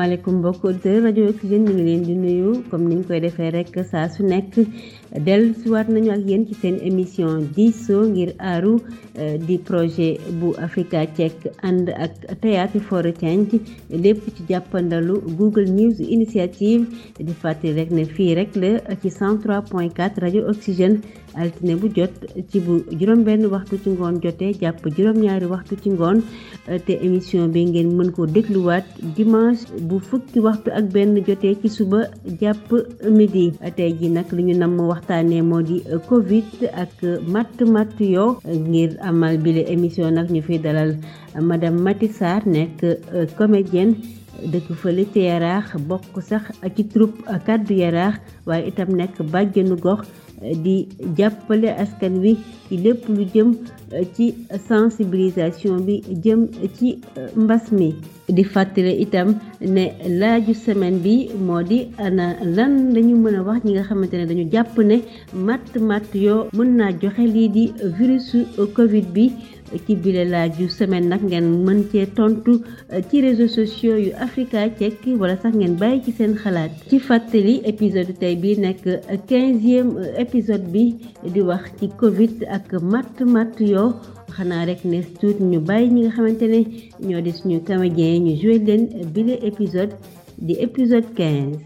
asalaamaaleykum mbokk auditeurs rajo Oxygène ñu ngi leen di nuyu comme niñ koy defee rek saa su nekk dellu siwaat nañu ak yéen ci seen émission diisoo ngir aaru euh, di projet bu Africa cek ànd ak Théâtre for Change lépp ci jàppandalu Google News Initiative di fàttali rek ne fii rek la ci 103 point 4 rajo Oxygène altine bu jot ci bu juróom benn waxtu ci ngoon jotee jàpp juróom-ñaari waxtu ci ngoon euh, te émission bi ngeen mën koo dégluwaat dimanche bu fukki waxtu ak benn jotee ci suba jàpp midi tey ji nag li ñu namm waxtaanee moo di euh, Covid ak euh, matt matt yoo ngir amal bile émission nag ñu fiy dalal madame Mati Sarr nekk comédienne dëkk fële ci yaraax bokk sax ci troupe kaddu yaraax waaye itam nekk bàjjenu gox di jàppale askan wi lépp lu jëm eh, ci sensibilisation bi jëm ci eh, mbas mi di fàttale itam ne laaju semaine bi moo di ana lan dañu mën a wax ñi nga xamante ne dañu jàpp ne matt matt yoo mën naa joxe lii di virusu covid bi ci bile laaj yu semaine nag ngeen mën cee tontu euh, ci réseau sociaux yu Africa Check wala sax ngeen bàyyi ci seen xalaat ci fàttali épisode tey bi nekk quinzième euh, épisode bi di wax ci Covid ak matt matt yoo xanaa rek ne tuut ñu bàyyi ñi nga xamante ne ñoo di suñu comédien ñu joué leen bile épisode di épisode quinze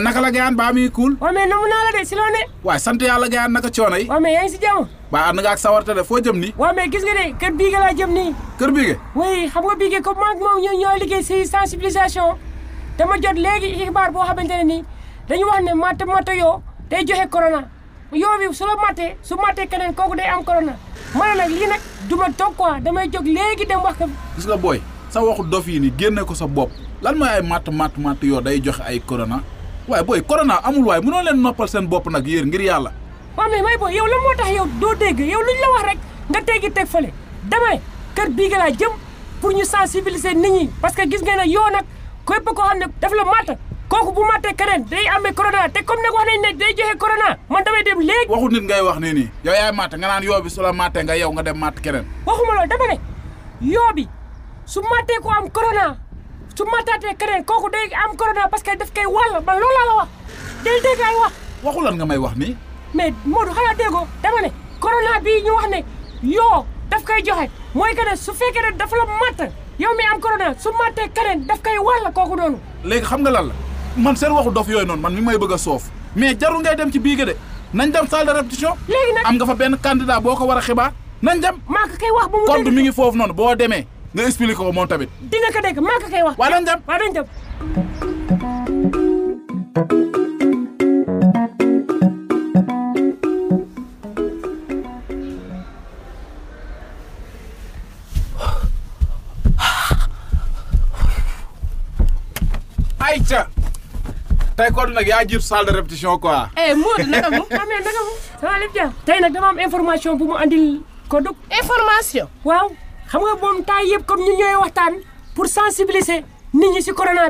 mais naka la gayaan baa muy kuul waa mais namu naa la de si loo ne waaw sant yàlla naka coono yi waaw mais yaa si jàmm baa ànd nga ak sawarte de foo jëm nii waaw mais gis nga de kër biige laa jëm nii kër biige oui xam nga biige comme maag moom ñoo ñooy liggéey si sensibilisation dama jot léegi xibaar boo xamante ne nii dañu wax ne matt matt yoo day joxe corona yoo bi su la mattee su mattee keneen kooku day am corona ma ne nag lii nag du ma toog quoi damay jóg léegi dem wax ko gis sa waxu dof yi ni génne ko sa bopp lan mooy ay matt matt matt day joxe ay corona waaye booy corona amul waaye mënoo leen noppal seen bopp nag yéen ngir yàlla. waaw mais may booy yow la moo tax yow doo dégg yow luñ la wax rek nga teggi teg fële damay kër bii nga laa jëm pour ñu sensibiliser nit ñi parce que gis nga ne yoo nag képp koo xam ne daf la matt kooku bu mattee keneen day amee corona te comme nag wax nañ ne day joxe corona man damay dem léegi. waxu nit ngay wax nii nii yow yaay matt nga naan yoo bi su la nga yow nga dem matt keneen. waxuma dama ne bi su mattee ko am corona. su mataatee keneen kooku day am corona parce que daf koy wàll man loolu laa la wax day dégg wax. waxu lan nga may wax ni nii. mais Modou xanaa déggoo dama ne corona bii ñu wax ne yoo daf koy joxe mooy que ne su fekkee ne dafa la matt yow mi am corona su mattee keneen daf koy wàll kooku noonu. léegi xam nga lan la man seen waxu dof yooyu noonu man mi may bëgg a soof mais jarul ngay dem ci biige de nañ dem salle de répétition. léegi am nga fa benn candidat boo ko war a xibaar nañ dem. maa wax ba mu dégg mi ngi foofu noonu boo demee. nga expliqué ko moom tamit. di nga maa ko koy wax. waaw dañ dem waaw dañ dem. ayca. tey kon nag yaa jiitu salle de répétition quoi. eh Modou naka mu amee naka mu. ça va lépp jàmm. tey nag dama am bu mu andil ko dugg. information waaw. xam nga moom temps yëpp comme ñun ñooy waxtaan pour sensibiliser nit ñi si corona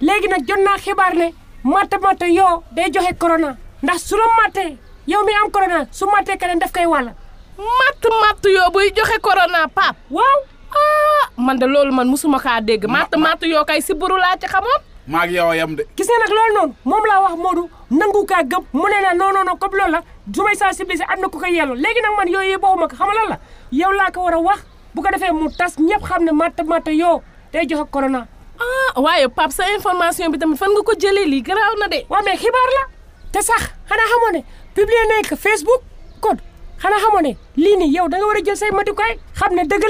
léegi nag jot naa xibaar ne matta matta yoo day joxe corona ndax su la mattee yow mi am corona su mattee keneen def kay wàll. matt matt yoo buy joxe corona pap waaw ah, man de loolu man musuma kaa dégg. matt matt yoo kay si buru laa ci xamoon. maa ngi yow a yem de. gis nga nag loolu noonu moom laa wax Modou nangu kaa gëm mu ne la non non non comme loolu la su may sensibiliser am na yooyu yëpp ko xam lan la yow laa ko war a wax. bu ko defee mu tas ñëpp xam ne matt matt yoo day joxe corona. ah waaye Pape sa information bi tamit fan nga ko jëlee lii garaaw na de. waaw mais xibaar la te sax xanaa xamoo ne publier nañ fees Facebook code xanaa xamoo ne lii nii yow da war a jël say matukaay xam ne dëgg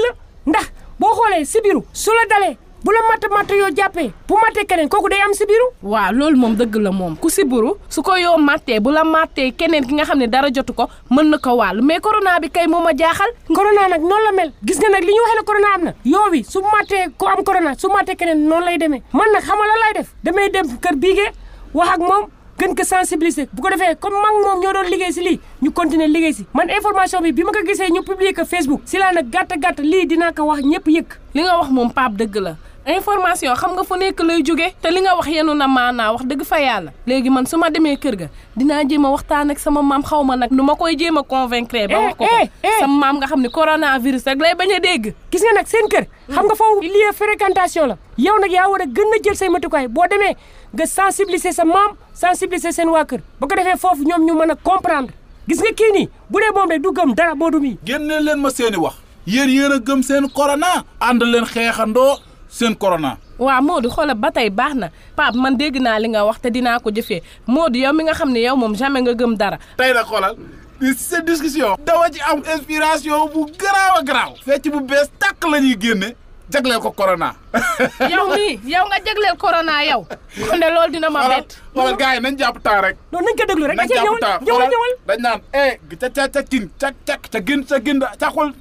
ndax boo xoolee si biiru la dalee bu la matt matt yoo jàppee bu matee keneen kooku day am sibiru waaw loolu moom dëgg la moom ku sibiru su ko yow mattee bu la mattee keneen ki nga xam ne dara jotu ko mën na ko wàll mais corona bi kay moom ma jaaxal corona nag noonu la mel gis nga nag li ñu waxee la corona am na yoo su mattee ku am corona su mattee keneen noonu lay demee man nag xam nga lan lay def damay dem kër bii biigee wax ak moom gën ko sensibiliser bu ko defee comme mag moom ñoo doon liggéey si lii ñu continuer liggéey si man information bi bi ma ko gisee ñu publier ko Facebook si laa gàtt gàtt lii dinaa ko ñëpp yëg li nga wax moom Pape dëgg la information xam nga fu nekk lay jóge te li nga wax yenu na maanaa wax dëgg fa yàlla léegi man su ma demee kër ga dinaa jéem a waxtaan ak sama maam xaw ma nag nu ma koy jéem a convaincre ba eh, wax ko eh, eh. sama maam nga xam ne coronavirus rek lay bañ a dégg gis nga nag seen kër xam nga foofu mm. lieu fréquentation la yow nag yaa war a gën a jël say matukaay boo demee nga sensibiliser sa maam sensibiliser seen waa kër bu ko defee foofu ñoom ñu mën a comprendre gis nga kii nii bu dee moom rek du dara boo du mi génne leen ma seeni wax yéen yéen a gëm seen corona ànd leen xeexandoo seen corona. waaw di xoola ba tey baax na Pape man dégg naa li nga wax te dinaa ko jëfee Modou yow mi nga xam ne yow moom jamais nga gëm dara. tey nag xoolal si seen discussion. dawa ji am inspiration bu garaaw a garaaw. fecc bu bees tàkk la ñuy génne. jagleel ko corona. yow mii yow nga jagleel corona yow. kon de loolu dina ma bett. xoolal gars yi nañ jàpp temps rek. non nañ ko déglu rek. na jàpp temps ñëwal ñëwal dañ naan eh. ca ca ca cin ca ca ca gin ca gin ca xul.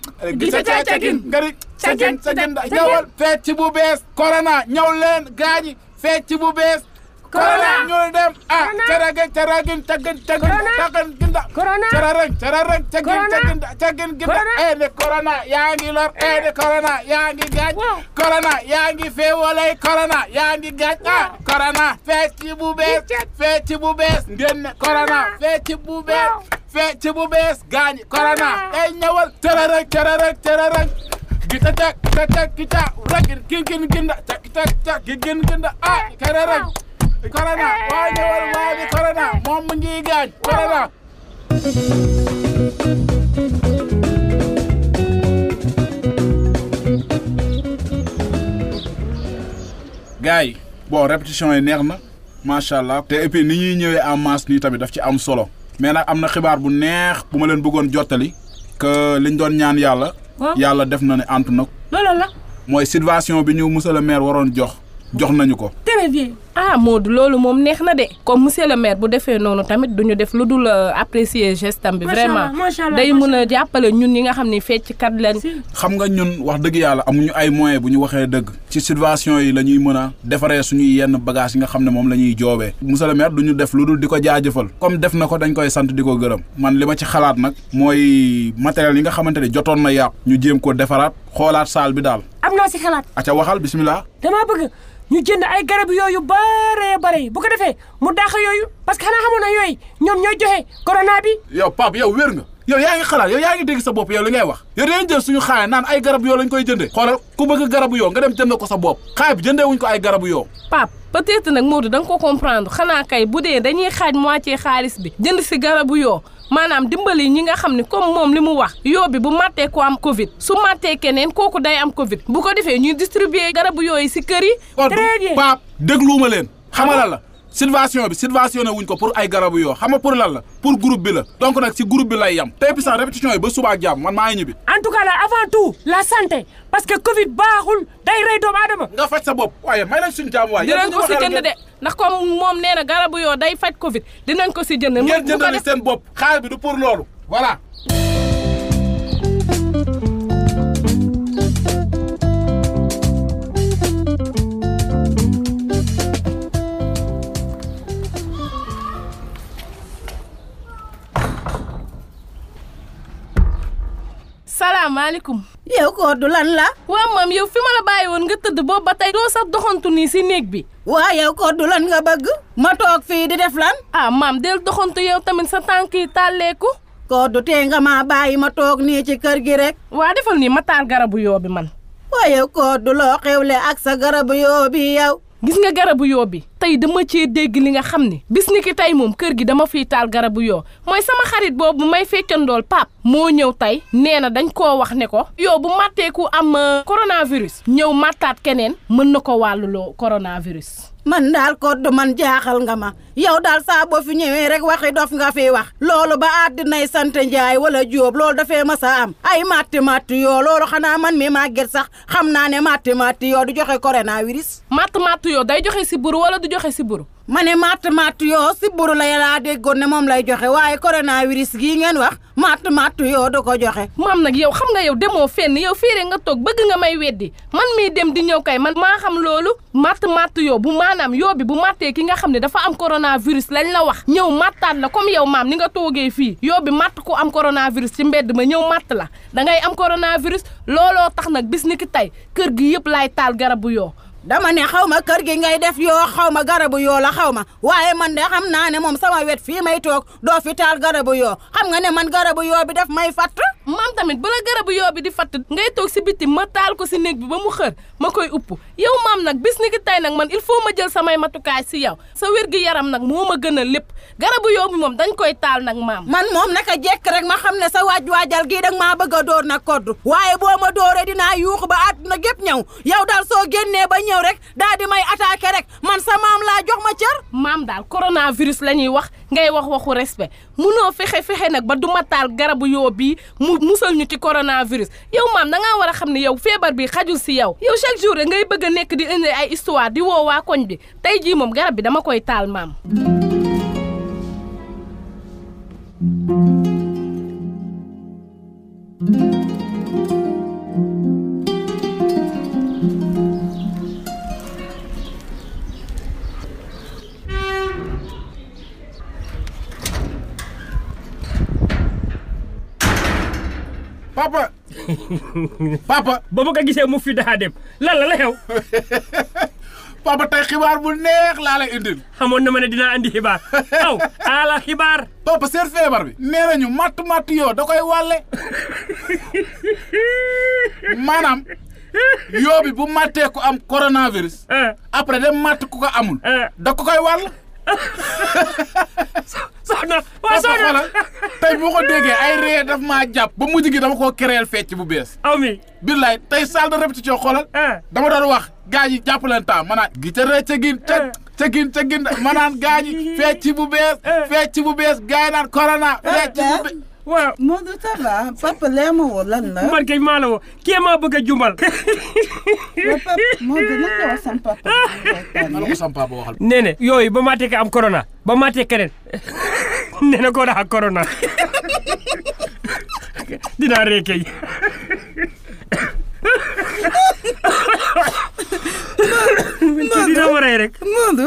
cagin cagin da ñëwal fecc bu bees corona ñëw leen gaañi fecc bu bees corona ñu dem ah caragin caragin cagin cagin cagin ginda cararang cararang cagin cagin cagin ginda eh ne corona yaa ngi lor eh ne corona yaa ngi gaañ corona yaa ngi féewalay corona yaa ngi gaañ ah corona fecc bu bees fecc bu bees ngeen ne corona fecc bu bees fecc bu bees gaañi corona eh ñëwal cararang cararang cararang Gita tak, ta tak, kita, rakir, kin yi bon répétition yi neex na macha allah te et puis ni ñuy ñëwee en masse nii tamit daf ci am solo mais nag am na xibaar bu neex bu ma leen bëggoon jottali que liñ doon ñaan yàlla. yàlla def na ne ànt nag. loolu la. mooy situation bi ñu monsieur le maire waroon jox jox nañu ko. très bien. ah Modou loolu moom neex na de comme monsieur le maire bu defee noonu tamit duñu def lu dul euh, apprécier gestam bi vraiment day mën a jàppale ñun ñi nga xam ne fecckat leen xam nga ñun wax dëgg yàlla amuñu ay moyens bu ñu waxee dëgg ci situation yi la ñuy mën a defaree suñuy yenn bagages yi nga xam ne moom la ñuy joobee monsieur le maire duñu def lu dul di ko jaajëfal comme def na ko dañ koy sant di gërëm man li ma ci xalaat nag mooy matériel yi nga xamante ne jotoon na yàqu ñu jéem ko defaraat xoolaat saal bi daal am naa si waxal bismillah dama bëgg ñu jënd ay garab yooyu baax bëree bëri bu ko defee mu dàq yooyu parce que xanaa xamoon na yooyu ñoom ñooy joxe corona bi. yow Pape yow wér nga. yow yaa ngi xalaat yow yaa ngi dégg sa bopp yow li ngay wax yow dañuy jël suñu xaay naan ay garab yoo lañ koy jënde xoolal ku bëgg garabu yoo nga dem jënd ko sa bopp xaay bi jëndee wuñ ko ay garabu yoo Pape peut-être nag Maodo da nga ko comprendre xanaa kay bu dee dañuy xaaj moitié xaalis bi jënd si garabu yoo maanaam dimbali ñi nga xam ne comme moom li mu wax yóbbi bu màttee ko am Covid su màttee keneen kooku day am Covid bu ko defee ñuy distribuer garabu yooyu si kër yi. très bien Pape dégluwuma leen xamala la. subvention bi subventionné wuñ ko pour ay garabu yoo xam nga pour lan la pour groupe bi la donc nag si groupe bi lay yam tey puissant répétition yi ba suba ak jàmm man maa ngi ñibbi. la santé parce que baaxul day rey doomu aadama. nga faj sa bopp waaye may nañ suñu jàmm waaye. dinañ ko si jënd de ndax comme moom nee na garabu yoo day faj Covid dinañ ko si jënd. ngeen jëndali seen bopp xaar bi du pour loolu voilà. salaamaaleykum. yow góor du lan la. waa maam yow fi ma la bàyyi woon nga tëdd boobu ba tey doo sax doxantu nii si néeg bi. waa yow góor du lan nga bëgg. ma toog fii di def lan. ah maam del doxantu yow tamit sa tànk yi tàlleeku. góor du tee nga ma bàyyi ma toog nii ci kër gi rek. waa defal nii ma taal garabu yoo bi man. waa yow góor du loo xewle ak sa garabu yoo bi yow. gis nga garabu yow bi tey dama cee dégg li nga xam ne bis ni ki tey moom kër gi dama fiy taal garabu yoo mooy sama xarit boobu may feccandool pap moo ñëw tey nee na dañ koo wax ne ko yow bu màttee ku am euh, coronavirus ñëw màttaat keneen mën na ko wàlluloo coronavirus man daal kodd man jaaxal nga ma yow daal saa boo fi ñëwee rek waxi dof nga fi wax loolu ba àddinay sant njaay wala jóob loolu dafee ma sa am ay matti matti yoo loolu xanaa man mi màgget sax xam naa ne matti matti yoo du joxe coronavirus matti matti yoo day joxe si buru wala joxe siburu ma ne matt matt yoo siburu la laa déggoon ne moom lay joxe waaye coronavirus gi ngeen wax matt matt yoo da ko joxe maam nag yow xam nga yow demoo fenn yow fii nga toog bëgg nga may weddi man mii dem di ñëw kay man maa xam loolu matt matt yoo bu maanaam yoo bi bu mattee ki nga xam ne dafa am coronavirus lañ la wax ñëw mattaat la comme yow maam ni nga toogee fii yoo bi matt ku am coronavirus ci mbedd ma ñëw matt la dangay ngay am coronavirus looloo tax nag bis ni ki tey kër gi yëpp laay taal garabu yoo dama ne xaw ma kër gi ngay def yoo xaw ma garabu yoo la xaw ma waaye man de xam naa ne moom sama wet fii may toog doo fi taal garabu yoo xam nga ne man garabu yoo bi daf may fatt maam tamit bala garabu yoo bi di fatt ngay toog si bitim ma taal ko si néeg bi ba mu xër ma koy upp yow maam nag bis ni ki nag man il faut ma jël samay matukaay si yow sa wér gi yaram nag moo ma gën a lépp garabu yoo bi moom dañ koy taal nag maam man moom naka jekk rek ma xam ne sa waaj waajal gii dag maa bëgg a dóor nag kodd waaye boo ma dóoree dinaa yuuxu ba àdduna gépp ñëw yow daal yow rekk daa di may attaqué rek man sa maam laa jox ma cër. maam daal coronavirus la ñuy wax ngay wax waxu respect munoo fexe fexe nag ba duma taal garabu yow bi mu musal ñu ci coronavirus yow maam da war a xam ni yow feebar bi xajul ci yow. yow chaque jour rek ngay bëgg a nekk di indi ay histoire di woo waa koñ bi tey jii moom garab bi dama koy taal maam. papa papa. ba ma ko gisee mu fi daa dem lan la la xew. papa tey xibaar bu neex laala lay indil. xamoon na ma ne dinaa andi xibaar aw ala xibaar. papa seet feebar bi. nee nañu matt matt yoo da koy wàlle maanaam yoo bu mattee am coronavirus. Eh. après dem matt ku ko amul. Eh. da ko koy wàll. soxna waa soxna tey bu ko déggee ay ree daf maa jàpp ba mujj gi dama koo créer fecc bu bees. aw mi. billaay tey salle ci répétition xoolal. Eh. dama doon wax gaa yi jàpp leen ma naan gi ca ree ca gin ca eh. gin ca gin ma naan gaa yi fecc bu bees. Eh. fecc bu bees gaa yi naan corona. fecc bu bees. waaw Modou ça va papa lee ma la. man kay maa la woo maa bëgg a jumbal. papa yooyu ba maa tekkee am corona ba maa tekkee ren nee na koo daa corona dinaa Maodo Maodo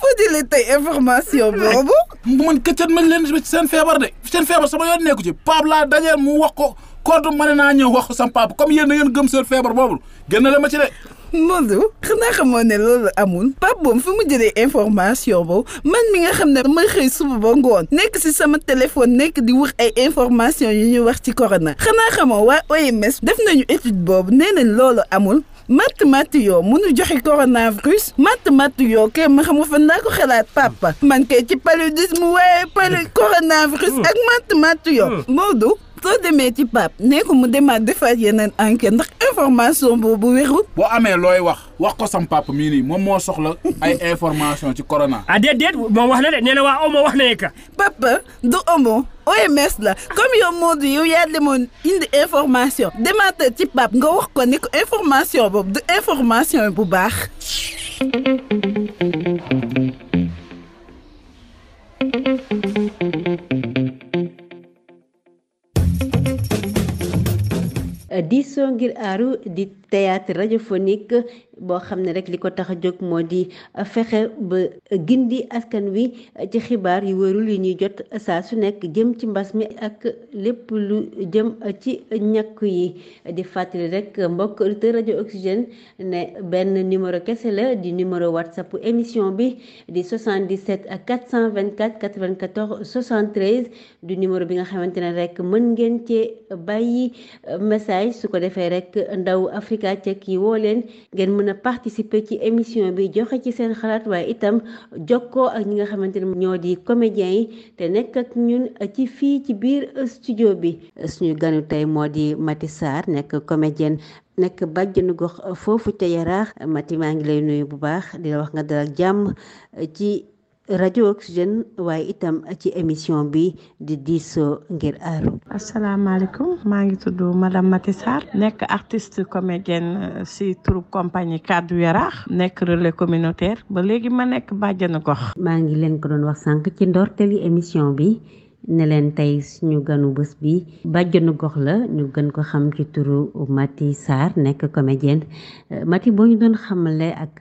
foo jëlee tey information boobu. Eh, man këccet mañ leen seen feebar de seen feebar sama yoon nekku ci Pape laa dajeel mu wax ko. contre mën naa ñëw wax ko sama papa comme yéen na ngeen gëm seen feebar boobu génne la ma ci de. Modou xanaa xamoon ne loolu amul Pape moom fi mu jëlee information boobu man mi nga xam ne ma xëy suba ba ngoon nekk si sama téléphone nekk di wax ay information yu ñuy wax ci corona xanaa xamoo waa OMS def nañu étude boobu nee nañ loolu amul matt matt yoo mënu joxe coronavirus matt matt yoo kay ma xam nga fan laa ko xalaat papa man kay ci paludisme waaye palu coronavirus ak matt matt yoo Modou soo demee ci Pape nee ko demaat defaat yeneen enquête ndax information bu wérul. boo amee looy wax wax ko sam papa mii moom moo soxla ay information ci corona. ah déet déet moom wax na de nee Omo wax na ka papa du Omo OMS la comme yow Modou yow yaa demoon indi information demaatal ci Pape nga wax ko ni ko information boobu du information bu baax. diisoo ngir aaru di théâtre radiophonique boo xam ne rek li ko tax a jóg moo di euh, fexe ba gindi askan wi euh, ci xibaar yu warul yi ñuy jot saa su nekk jëm ci mbas mi ak lépp lu jëm euh, ci ñàkk yi di fàttali rek mbokk auditeur rajo oxygène ne benn numéro kese la di numéro whatsapp émission bi di 77 ak 424 94 73 du numéro bi nga xamante ne rek mën ngeen cee bàyyi message su ko defee rek ndaw Africa Tech yi woo leen ngeen mën a participer ci émission bi joxe ci seen xalaat waaye itam jokkoo ak ñi nga xamante ne ñoo di comédiens yi te nekk ak ñun ci fii ci biir studio bi suñu ganu tey moo di mati Sarr nekk comédienne nekk bàjjenu gox foofu ca Yaraax mati maa ngi lay nuyu bu baax di wax nga dalal jàmm ci rajo Oxygène waaye itam ci émission bi di diisoo ngir aaru. asalaamaaleykum maa ngi tudd madame Mati Sarr nekk artiste comédienne euh, si troupe compagnie Kaddu Yaraax nekk relais communautaire ba léegi ma nekk bàjjenu gox. maa ngi leen ko doon wax sànq ci ndorteli émission bi. ne leen tey suñu ganu bës bi bàjjenu gox la ñu gën ko xam ci turu Mati Sarr nekk ko comédienne euh, Mati boo ñu doon xamale ak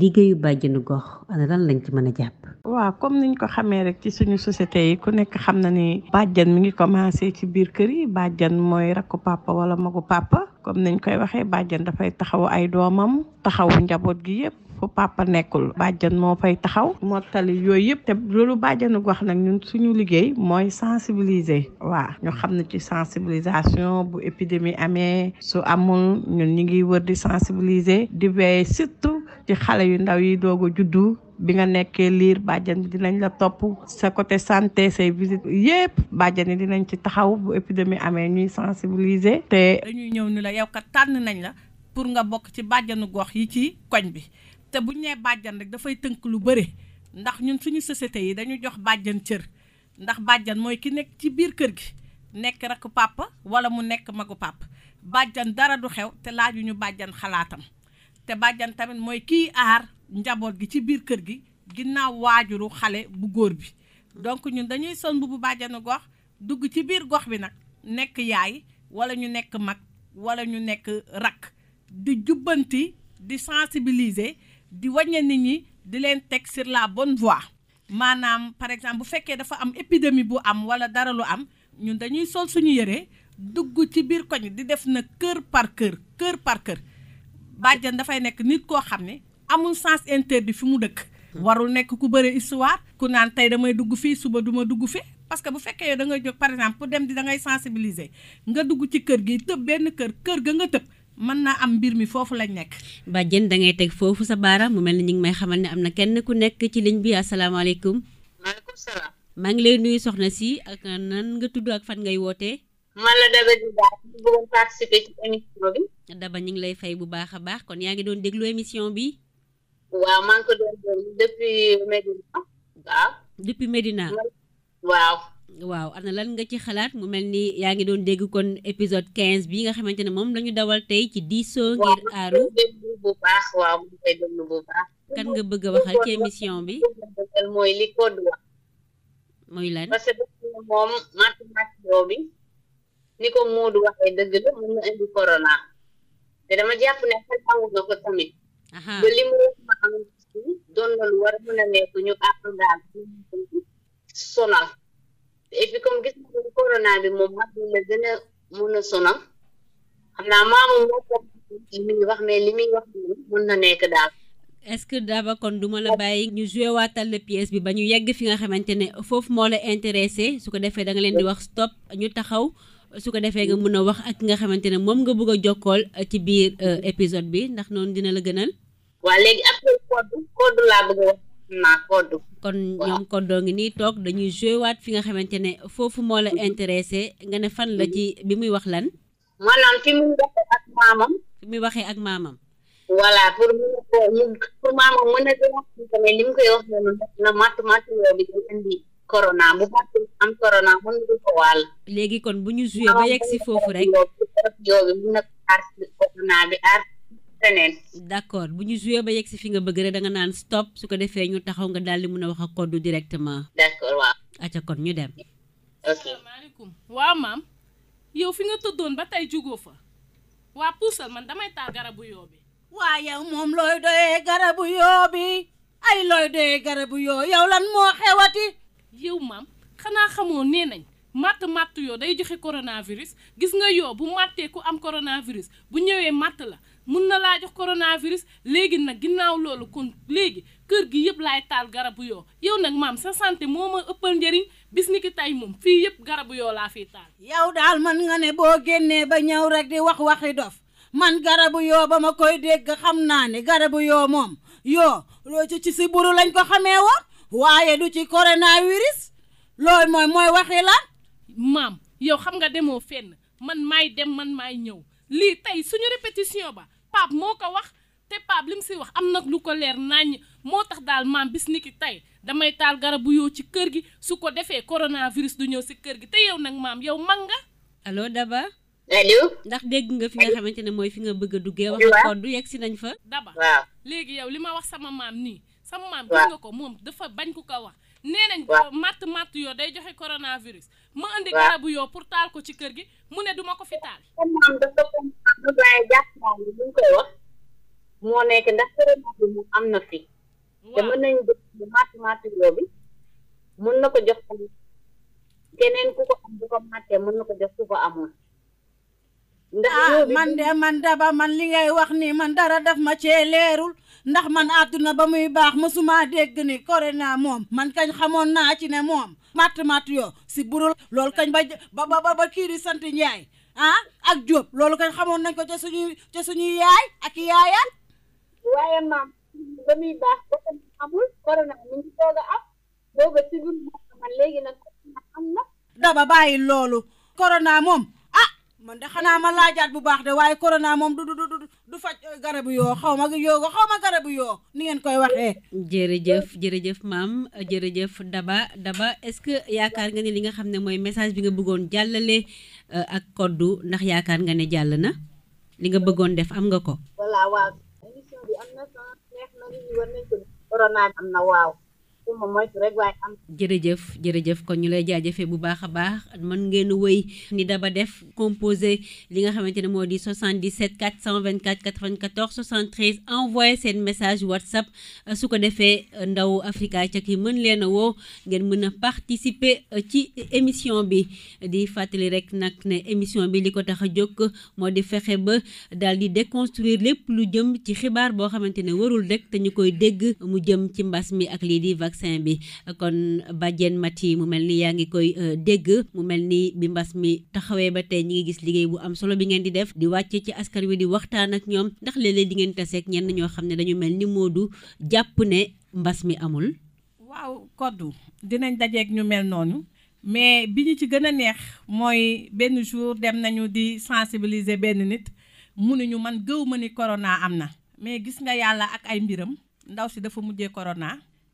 liggéeyu bàjjenu gox ana lan lañ ci mën a jàpp. waaw comme niñ ko xamee rek ci suñu société yi ku nekk xam na ni bàjjan mu ngi commencé ci biir kër yi bàjjan mooy rakku papa wala magu papa comme niñ koy waxee bàjjan dafay taxaw ay doomam taxawu njaboot gi yëpp. fu papa nekkul bàjjan moo fay taxaw mottali yooyu yëpp loolu bàjjanu gox nag ñun suñu liggéey mooy sensibiliser waa ñu xam ne ci sensibilisation bu épidémie amee su amul ñun ñi ngi wër di sensibiliser di veiller surtout ci xale yu ndaw yi doog a juddu bi nga nekkee liir bàjjan bi dinañ la topp sa côté santé say visite yëpp bàjjan yi dinañ ci taxaw bu épidémie amee ñuy sensibiliser te dañuy ñëw ni la yow tànn nañ la pour nga bokk ci bàjjanu gox yi ci koñ bi te bu ñu nee bàjjan rek dafay tënk lu bëri ndax ñun suñu société yi dañu jox bàjjan cër ndax bàjjan mooy ki nekk ci biir kër gi nekk rakk pàppa wala mu nekk magu pàpp bàjjan dara du xew te ñu bàjjan xalaatam te bàjjan tamit mooy kiy aar njaboot gi ci biir kër gi ginnaaw waajuru xale bu góor bi donc ñun dañuy sol mbubu bàjjanu gox dugg ci biir gox bi nag nekk yaay walla ñu nekk mag wala ñu nekk rakk di jubbanti di sensibiliser di wàññi nit ñi di leen teg sur la bonne voie maanaam par exemple bu fekkee dafa am épidémie bu am wala dara lu am ñun dañuy sol suñu yére dugg ci biir koñ di def na kër par kër kër par kër bàjjan dafay nekk nit koo xam ne amul sens interdit fi mu dëkk. warul nekk ku bëre histoire. ku naan tey damay dugg fii suba duma dugg fi parce que bu fekkee da ngay jóg par exemple pour dem di da ngay sensibiliser nga dugg ci kër gi tëb benn kër kër ga nga tëb. mën naa am mbir mi foofu lañ nekk. Bàjjen da ngay teg foofu sa baaraam mu mel ni ñi ngi may xamal ne am na kenn ku nekk ci ligne bi asalaamaaleykum. maaleykum maa ngi lay nuyu soxna si ak nan nga tudd ak fan ngay wootee. man la Daba di baax di bëggoon participer Daba ñu ngi lay fay bu baax a baax kon yaa ngi doon déglu émission bi. waaw maa ko doon déglu depuis Medina. waaw. depuis Medina. waaw. waaw ana lan nga ci xalaat mu mel ni yaa ngi doon dégg kon épisode quinze bi nga xamante ne moom la ñu dawal tey ci diisoo ngir aaru kan nga bëgg a waxal ci émission bi mooy li code wax mooy lan parce que bi ni ko Moodu waxee dëgg la mën na indi corona te dama jàpp ne xel awu na ko tamit ba et puis comme gis nañu corona bi moom mag gën a mun a sonal xam naa maamu moo li muy wax mais li muy wax mun na nekk daal. est-ce que Daba kon du ma la bàyyi ñu joué waatal la pièce bi ba ñu yegg fi nga xamante ne foofu moo la intéressé su ko defee da nga leen di wax stop ñu taxaw su ko defee nga mun a wax ak ki nga xamante ne moom nga bëgg a jokkool euh, ci biir euh, épisode bi ndax noonu dina la gënal. waa léegi après code code laa bëgg a wax. kon ñoom kon doo ngi nii toog dañuy joué waat fi nga xamante ne foofu moo la mm-hmm. intéresé nga ne fan la ci mm-hmm. bi muy wax lan. maanaam fi muy waxee ak maamam. fi muy waxee ak maamam. a gën a xam ne li mu léegi kon bu ñu joué ba yegg si foofu rek. yoo bi mën bi leneen. d'accord bu ñu joué ba yegg si fi nga bëgg rek danga nga naan stop su ko defee ñu taxaw nga daal di mën a wax ak koddu directement. d'accord waaw. acca kon ñu dem. ok asalaamaaleykum maam yow fi nga tëddoon ba tey jugoo fa waa puusal man damay taal garabu yoobi. waa yow moom looy doyee garabu yoobi ay looy doyee garabu yoo yow lan moo xewati. yow maam xanaa xamoo nee nañ. matt matt yoo day joxe coronavirus gis nga yoo bu màttee ku am coronavirus bu ñëwee matt la mun na laa jox korona coronavirus léegi nag ginnaaw loolu kon léegi kër gi yëpp laay taal garabu yoo yow nag maam sa santé moo ma ëppal njëriñ bis ni tey moom fii yëpp garabu yoo laa fiy taal. yow daal man nga ne boo génnee ba ñëw rek di wax waxi dof man garabu yoo ba ma koy dégg xam naa ni garabu yoo moom yoo loo ci ci si buru lañ ko xamee woon waaye du ci coronavirus loolu mooy mooy waxi la maam yow xam nga demoo fenn man may dem man may ñëw lii tey suñu ba. Pape moo ko wax te Pape li mu si wax am nag lu ko leer naññ moo tax daal maam bis ni tey damay taal garabu yoo ci kër gi su ko defee coronavirus du ñëw si kër gi te yow nag maam yow mag nga. allo Daba. ndax dégg nga fi nga xamante ne mooy fi nga bëgg a duggee. wax nga ko du yegg si nañ fa. Daba léegi yow li ma wax sama maam nii. sama maam gis nga ko moom dafa bañ ku ko wax. nee nañ matt matt yoo day joxe coronavirus. ma indi garabu yoo pour taal ko ci kër gi mu ne duma ko fi taal. lu may jàpp naa ni ñu koy wax moo nekk ndax am na fi te na ko jox tamit ku ko am bu mën na ko jox ku ko amul ah, man de man daba man li ngay wax ni man dara def ma cee leerul ndax man àdduna ba muy baax mësuma dégg ni naa moom man kañ xamoon naa ci ne moom matt màtt yoo si burul loolu kañ ba ba ba ba kii di Njaay ah ak Diop loolu koy xamoon nañ ko ca suñuy ca suñuy yaay ak yaayaan. waaye maam ba a léegi nag am na. daba bàyyi loolu. corona moom ah man de xanaa ma laajaat bu baax de waaye corona moom du du du du faj garabu yoo xaw ma yoo xaw ma garabu yoo ni ngeen koy waxee. jërëjëf jërëjëf maam jërëjëf Daba Daba est-ce que yaakaar nga ni li nga xam ne mooy message bi nga bëggoon jàllale. Euh, ak koddu ndax yaakaar nga ne jàll na li nga bëggoon def am nga ko. voilà waaw émission am na solo neex na nit ñi war nañ ko. am na waaw. pour jërëjëf jërëjëf kon ñu lay jaajëfee bu baax a baax mën ngeen wëy ni daba def composé li nga xamante ne moo di vingt 77 424 94 73 envoyé seen message WhatsApp su ko defee ndaw Africa ca ki mën leen a woo ngeen mën a participer ci émission bi di fàttali rek nag ne émission bi li ko tax a jóg moo di fexe ba daal di déconstruire lépp lu jëm ci xibaar boo xamante ne warul rek te ñu koy dégg mu jëm ci mbas mi ak vaccin bi kon ba Badiane Maty mu mel ni yaa ngi koy euh, dégg mu mel ni bi mbas mi taxawee ba tey ñi ngi gis liggéey bu am solo bi ngeen di def di wàcce ci askan wi di waxtaan ak ñoom ndax léeg-léeg di ngeen taseeg ñenn ñoo xam ne dañu mel ni Modou jàpp ne mbas mi amul. waaw koddu dinañ dajeek ñu mel noonu mais bi ñu ci gën a neex mooy benn jour dem nañu di sensibiliser benn nit mu ne ñu man gëw ma ni corona am na mais gis nga yàlla ak ay mbiram ndaw si dafa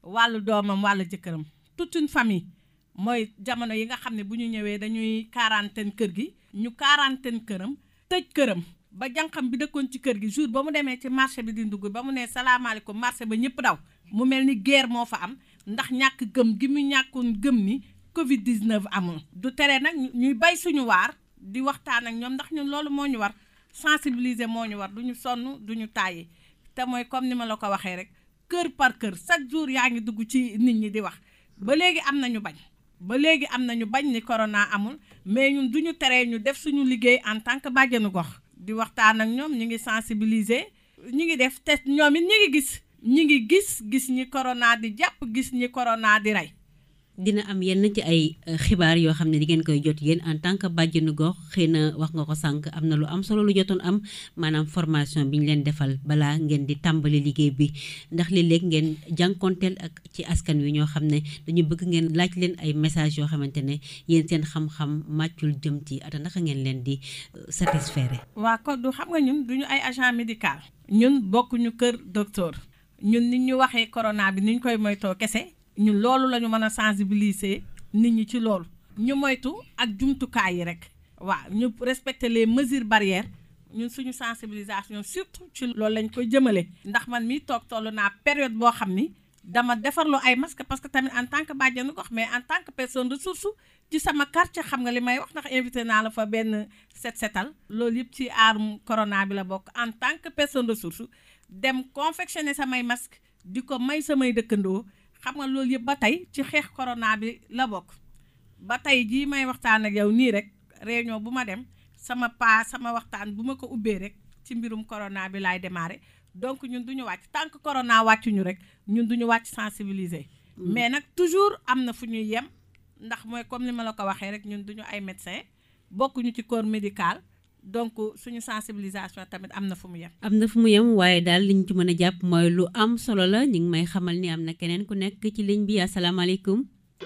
wàllu doomam wàllu jëkkëram toute une famille mooy jamono yi nga xam ne bu ñu ñëwee dañuy quarantaine kër gi ñu quarantaine këram tëj këram ba jànqam bi dëkkoon ci kër gi jour ba mu demee ci marché bi di ndugg ba mu nee salaamaaleykum marché ba ñëpp daw mu mel ni guerre moo fa am ndax ñàkk gëm gi mu ñàkkoon gëm ni covid 19 amul du tere nag ñuy bay suñu waar di waxtaan ak ñoom ndax ñu loolu moo ñu war sensibiliser moo ñu war du ñu sonn du ñu tàyyi te mooy comme ni ma la ko waxee rek kër par kër chaque jour yaa ngi dugg ci nit ñi di wax ba léegi am na ñu bañ ba léegi am na ñu bañ ni corona amul mais ñun du ñu teree ñu def suñu liggéey en tant que bàjjenu gox di waxtaan ak ñoom ñu ngi sensibiliser ñu ngi def test ñoom it ñu ngi gis ñu ngi gis gis ñi corona di jàpp gis ñi corona di rey dina am yenn ci ay euh, xibaar yoo xam ne di ngeen koy jot yéen en tant que bàjjenu gox xëy na wax nga ko sànq am na lu am solo lu jotoon am maanaam formation bi ñu leen defal balaa ngeen di tàmbali liggéey bi ndax léeg-léeg ngeen jànkonteel ak ci askan wi ñoo xam ne dañu bëgg ngeen laaj leen ay message yoo xamante ne yéen seen xam-xam màccul jëm ci ata naka ngeen leen di euh, satisfaire. waa kon du xam nga ñun duñu ay agent médical. ñun bokkuñu kër docteur. ñun nit ñu waxee corona bi ni koy moytoo kese. ñun loolu la ñu mën a sensibiliser nit ñi ci loolu ñu moytu ak jumtukaay yi rek waaw ñu respecter les mesures barrières ñun suñu sensibilisation surtout ci loolu lañ koy jëmale ndax man mii toog toll naa période boo xam ni dama defarloo ay masque parce que tamit en tant que bàjjenu gox mais en tant que personne ressource ci sama quartier xam nga li may wax ndax invité naa la fa benn set setal loolu yëpp ci aarum corona bi la bokk en tant que personne ressource dem confectionner samay masque di ko may samay dëkkandoo xam nga loolu yëpp ba tey ci xeex corona bi la bokk ba tey jii may waxtaan ak yow nii rek réunion bu ma dem sama paa sama waxtaan bu ma ko ubbee rek ci mbirum corona bi laay démarrer donc ñun du ñu wàcc tant corona wàccuñu rek ñun du ñu wàcc sensibiliser. Mm. mais nag toujours am na fu ñuy yem ndax mooy comme ni ma la ko waxee rek ñun du ñu ay médecin bokkuñu ci corps médical. donc suñu sensibilisation tamit am na fu mu yem. am na fu mu yem waaye daal liñ ci mën a jàpp mooy lu am solo la ñu ngi may xamal ni am na keneen ku nekk ci ligne bi asalaamaaleykum.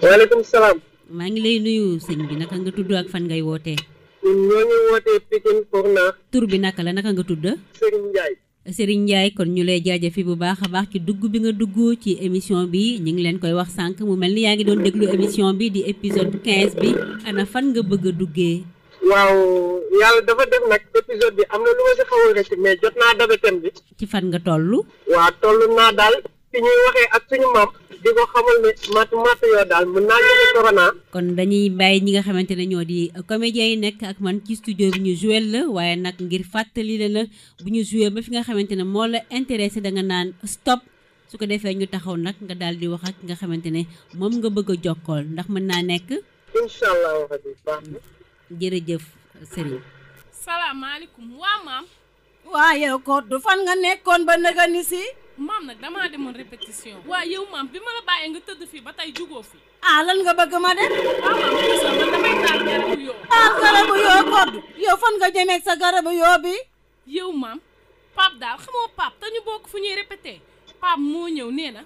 waaleykum salaam. maa ngi lay nuyu sëñ bi naka nga tudd ak fan ngay wootee. ñoo tur bi naka la naka nga tudd. Serigne Ndiaye. Serigne kon ñu lay jaajëfi bu baax a baax ci dugg bi nga duggoo ci émission bi ñu ngi leen koy wax sànq mu mel ni yaa ngi doon déglu émission bi di épisode 15 bi ana fan nga bëgg a duggee. waaw yàlla dafa def nag épisode bi am na lu ma si xawul rek mais jot naa dabe bi. ci fan nga toll. waaw toll naa daal fi ñuy waxee ak suñu maam di ko xamal ne matu matu yoo daal mën naa joxe corona. kon dañuy bàyyi ñi nga xamante ne ñoo di comédiens yi nekk ak man ci studio bi ñu joué la waaye nag ngir fàttali la na bu ñu joué ba fi nga xamante ne moo la intéressé da nga naan stop. su ko defee ñu taxaw nag nga daal di wax ak nga xamante ne moom nga bëgg a jokkool ndax mën naa nekk. incha allah jërëjëf sëriñ salaamaaleykum waa maam waa yow ko fan nga nekkoon ba nëga ni si maam nag damaa demoon répétition waa yow maam bi ma la bàyyee nga tëdd fii ba tey jugoo fi ah lan nga bëgg ma def waa garabu yoo ah, kodd yow fan nga jëmeeg sa garabu yoo bi yow maam pap daal xamoo pap te ñu bokk fu ñuy répété pap moo ñëw nee na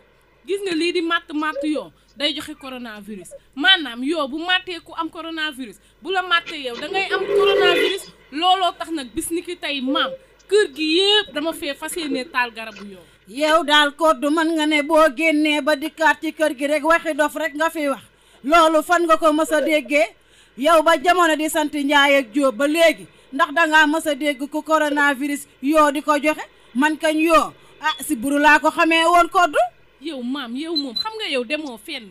gis nga lii di matt mat yoo day joxe coronavirus maanaam yow bu màttee ku am coronavirus bu la màttee yow da am coronavirus looloo tax nag bis ni ki tey maam kër gi yëpp dama fee fas yéene taal garabu yow. yow daal koddu mën nga ne boo génnee ba dikkaat ci kër gi rek waxi dof rek nga fi wax loolu fan nga ko mës a déggee yow ba jamono di sant Njaay ak Jóob ba léegi ndax danga mës a dégg ku coronavirus yow di ko joxe man kañ yoo ah si buru laa ko xamee woon koddu yow maam yow moom xam nga yow demoo fenn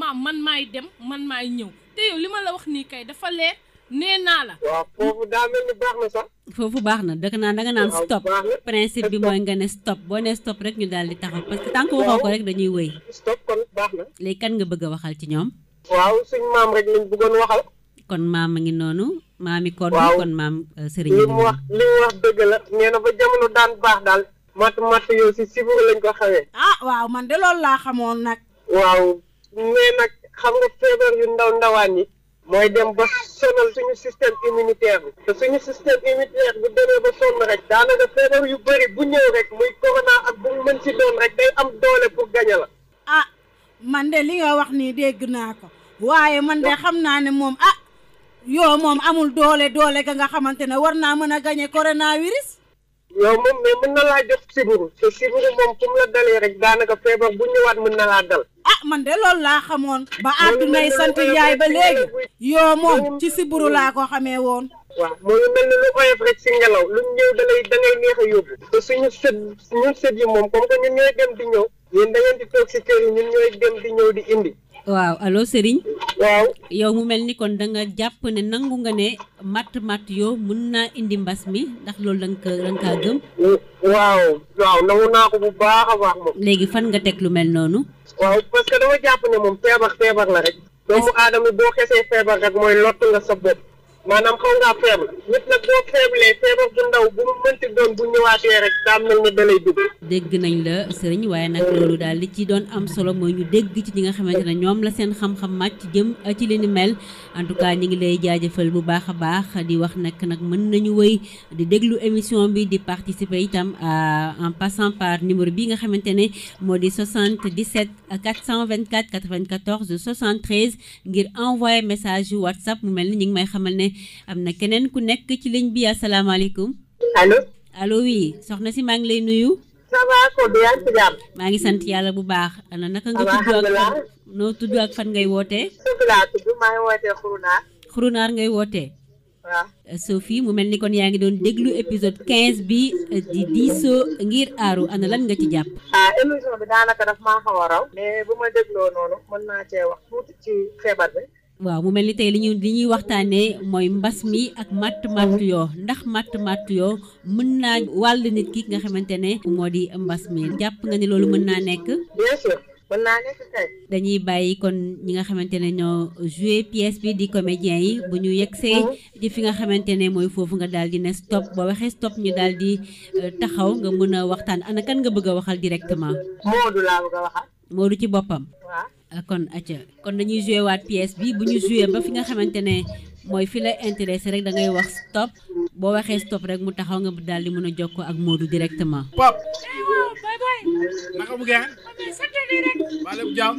maam man maay dem man maay ñëw te yow li ma la wax nii kay dafa leer nee naa la. waaw foofu daa mel ni baax na sax. foofu baax na dëgg naa danga naan stop principe bi mooy nga ne stop boo ne stop rek ñu daal di taxaw parce que tant que waxoo ko rek dañuy wëy. stop kon nga bëgg a waxal ci ñoom. waaw suñ maam rek lañ bëggoon waxal. kon maam a ngi noonu. maami kon kon maam euh, Serigne. li mu wax li mu wax dëgg la nee na ba jamono daal. matt matt yow si sibiru lañ ko xamee. ah waaw man de loolu laa xamoon nag. waaw mais nag xam nga feebar yu ndaw ndawaan yi. mooy dem ba sonal suñu système immunitaire bi. te suñu système immunitaire bi demee ba sonn rek. daanaka feebar yu bëri bu ñëw rek muy corona ak bu mën si doon rek day am doole pour gañe la. ah man de li nga wax nii dégg naa ko. waaye man de xam naa ne moom ah. yoo moom amul doole doole ga nga xamante ne war naa mën a gañe coronavirus. yow moom mais mën na laa jox sibiru te sibiru moom fu mu la dalee rek daanaka feebar bu ñëwaat mën na laa dal. ah man de loolu laa xamoon. ba àddunay sant yaay ba léegi. yoo moom ci sibiru laa ko xamee woon. waaw mooy mel ni lu oyof rek si ngelaw lu ñëw da lay da ngay neex a yóbbu. te suñu sët ñun sët yi moom comme que ñun ñooy dem di ñëw. yéen da ngeen di toog si kër yi ñun ñooy dem di ñëw di indi. waaw allo Serigne. waaw yow mu mel ni kon da nga jàpp ne nangu nga ne matt matt yow mën naa indi mbas mi ndax loolu da nga da nga kaa gëm. waaw waaw nangu naa ko bu baax a baax moom. léegi fan nga teg lu mel noonu. waaw parce que dama jàpp ne moom feebar feebar la rek. doomu aadama boo xesee feebar rek mooy lott nga sa bopp. maanaam xaw ngaa faible nit nag boo faiblee feebar bu ndaw bu mu mënti doon bu ñëwaatee rek daa mel ne dalay dugg. dégg nañ la sëriñ waaye nag loolu daal li ci doon am solo mooy ñu dégg ci ñi nga xamante ne ñoom la seen xam-xam màcc jëm a ci li ni mel en tout cas ñi ngi lay jaajëfal bu baax a baax di wax nag nag mën nañu woy di déglu émission bi di participer itam euh, en passant par numéro bi nga xamante ne moo di 77 424 94 73 ngir envoyer message yu WhatsApp mu mel ni ñu ngi may xamal ne am na keneen ku nekk ci ligne bi asalaamaaleykum allo allo oui soxna si maa ngi lay nuyu ça va Codé yaa ngi ci jàmm. maa ngi sant yàlla bu baax. ana naka nga tudd ak noo tudd ak fan ngay wootee. tudd laa tudd maa ngi wootee xurunaar. xurunaar ngay wootee. Euh, Sophie mu mel ni kon yaa ngi doon déglu épisode 15 bi euh, di diisoo ngir aaru ana lan nga ci jàpp. ah émission bi daanaka daf maa a waaw mu mel ni tey li ñu li ñuy waxtaanee mooy mbas mi ak matt matt yoo ndax matt matt yoo mën naa wàll nit ki nga xamante ne moo di mbas mi jàpp nga ni loolu mën naa nekk. bien dañuy bàyyi kon ñi nga xamante ne ñoo joué pièce bi di comédien yi bu ñu yegsee mhm. di fi nga xamante ne mooy foofu nga daal di ne stop ba waxee stop ñu daal di euh, taxaw nga mën a waxtaan ana kan nga bëgg a waxal directement. Moodu laa bëgg a waxal. Moodu ci boppam. Ah, kon acca kon dañuy joué waat pièce bi bu ñu joué ba fi nga xamante ne mooy fi la intéressé rek da ngay wax stop boo waxee stop rek mu taxaw nga daal di mën a jokkoo ak Modou directement. pop. naka mu gën. wala bu jàmm.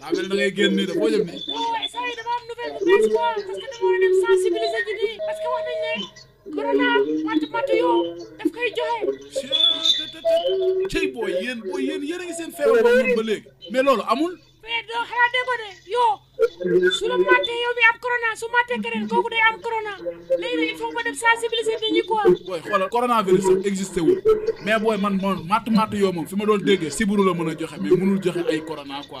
daa mel da ngay génn nii de foo jëm nii. waaw waaye saa yi dama am nouvelle bu bees quoi parce que dama war a dem sensibiliser ji nii parce que wax nañ ne. corona matu matu yow daf koy joxe. cey booy yéen booy yéen yéen a ngi seen feebar ba léegi mais loolu amul. mais doo xalaatee ko de yow. su la maatee yow mi am corona su maatee keneen kooku day am corona léegi nag il faut nga dem sensibiliser nit ñi quoi. booy xoolal coronavirus sax existé wul mais booy man man matt matt yoo moom fi ma doon déggee sibiru la mën a joxe mais mënul joxe ay corona quoi.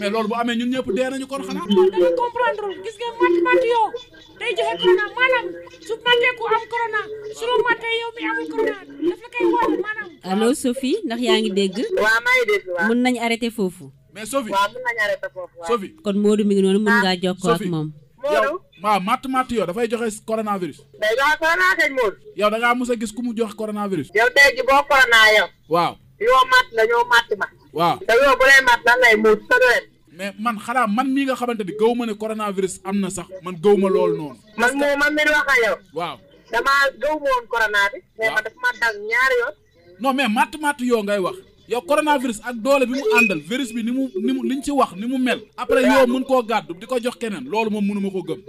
mais loolu bu amee ñun ñëpp dee nañu kon xanaa. non dañu comprendre gis nga matt matt yoo day joxe corona maanaam su mattee ku am corona su la mattee yow mi amul corona daf koy wàll maanaam. allo Sophie ndax yaa ngi dégg. waaw maa mën nañu arrêté foofu. mais Sophie waaw mën naa ñaareel ngi noonu mën ngaa jokkoo ak moom. Modou matt matt yow dafay joxe coronavirus. day joxe corona kañ Modou. yow da ngaa a gis ku mu joxe coronavirus. yow tey jii boo corona yow. waaw yoo matt la ñoo matt ma. waaw te yow bu lay matt lan lay Modou sa doole. mais man xanaa man mii nga xamante ni gaw ma ne coronavirus am na sax man gaw ma loolu noonu. man moo a mi di wax a yow. waaw damaa gaw ma woon corona bi. mais man dafa ma dal ñaari ngay wax. yow coronavirus ak doole bi mu àndal virus bi ni mu ni mu liñ ci wax ni mu mel. après yow mën koo gàddu di ko jox keneen loolu moom mënuma ko gëm.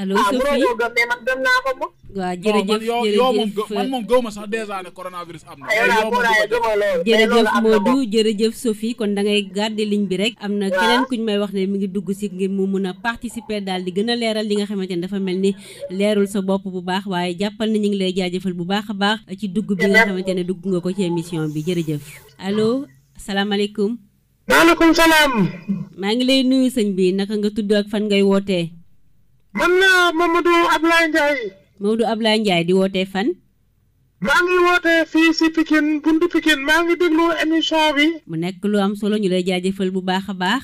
allo Sophie ah mënoo ko gëm naa ko moom. waaw jërëjëf jërëjëf man moom ma sax euh, dèjà am na jërëjëf Modou jërëjëf Sophie kon dangay ngay garder ligne bi rek am na keneen kuñ may wax ne mi ngi dugg si ngir mu mën a participer daal di gën a leeral li nga xamante ne dafa mel ni leerul sa bopp bu baax waaye jàppal na ñu ngi lay jaajëfal bu baax a baax ci dugg bi nga xamante ne dugg nga ko ci émission bi jërëjëf allo salaamaaleykum maaleykum salaam maa ngi lay nuyu sëñ bi naka nga tudd ak fan ngay wootee Maodo Ablaye Ndiaye di wootee fan. maa ngi wootee fii si Pikine buntu Pikine maa ngi déglu émission bi. mu nekk lu am solo ñu lay jaajëfal bu baax a baax.